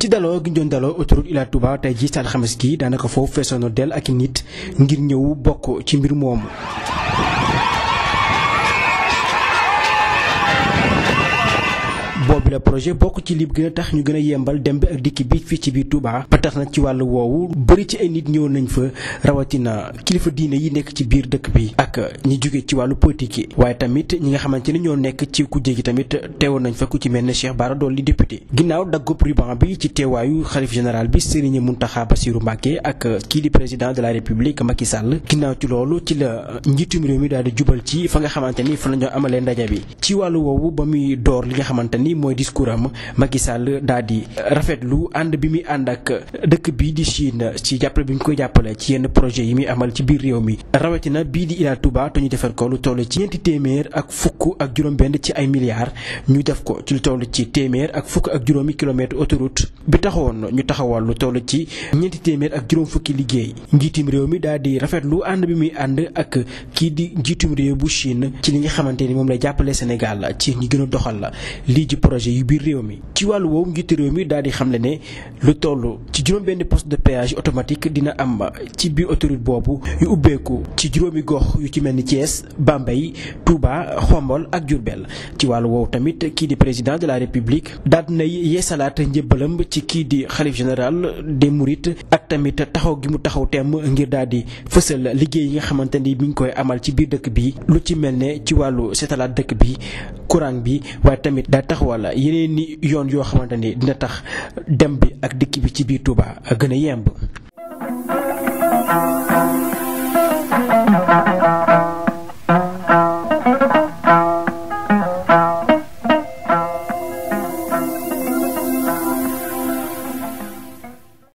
ci daloo gi ñu doon daloo autoroute Ila Touba tey jii ci alxames gi daanaka foofu feesoon dell ak nit ngir ñëwu bokk ci mbir moomu. boobu la projet bokk ci li gën a tax ñu gën a yembal dem bi ak dikki bi fii ci biir Touba ba tax na ci wàllu woowu bëri ci ay nit ñëw nañ fa rawatina kilifa diine yi nekk ci biir dëkk bi ak ñi jóge ci wàllu politique yi waaye tamit ñi nga xamante ni ñoo nekk ci ku gi tamit teewoon nañ fa ku ci mel ne Cheikh Bara Dolly député ginnaaw daggub ruban bi ci teewaayu xalif général bi Serigne Mountakha Bassirou Mbacké ak kii di président de la République Macky Sall ginnaaw ci loolu ci la njiitum mi daal di jubal ci fa nga xamante ni fa la amalee ndaje mooy discours am Macky Sall daal di rafetlu ànd bi muy ànd ak dëkk bii di Chine ci jàppale bi ñu koy jàppale ci yenn projet yi muy amal ci biir réew mi rawatina bii di Ila ñu defar ko lu toll ci ñeenti téeméer ak fukk ak juróom ci ay milliards ñu def ko ci lu ci téeméer ak fukk ak juróomi kilomètre autoroute bi taxawoon ñu taxawal lu toll ci ñeenti téeméer ak juróom fukki liggéey njiitum réew mi daal di rafetlu ànd bi muy ànd ak kii di njiitum réew bu Chine ci li nga xamante ni moom lay jàppale Sénégal ci ñi gën a doxal la lii projet yu biir réew mi ci wàllu woowu njiitu réew mi daal di xamle ne lu toll ci juróom-benn poste de péage automatique dina am ci biir autorite boobu yu ubbeeku ci juróomi gox yu ci mel ni Thiès bambay Touba Xombol ak Diourbel ci wàllu woowu tamit kii di président de la république daal nay na yeesalaat njëbbalam ci kii di xalif général des Mourides ak tamit taxaw gi mu taxaw temm ngir daal di fësal liggéey yi nga xamante ni mi koy amal ci biir dëkk bi lu ci mel ne ci wàllu setalaat dëkk bi courant bi waaye tamit daa taxawal yeneen ni yoon yoo xamante ni dina tax dem bi ak dikk bi ci biir Touba gën a yemb.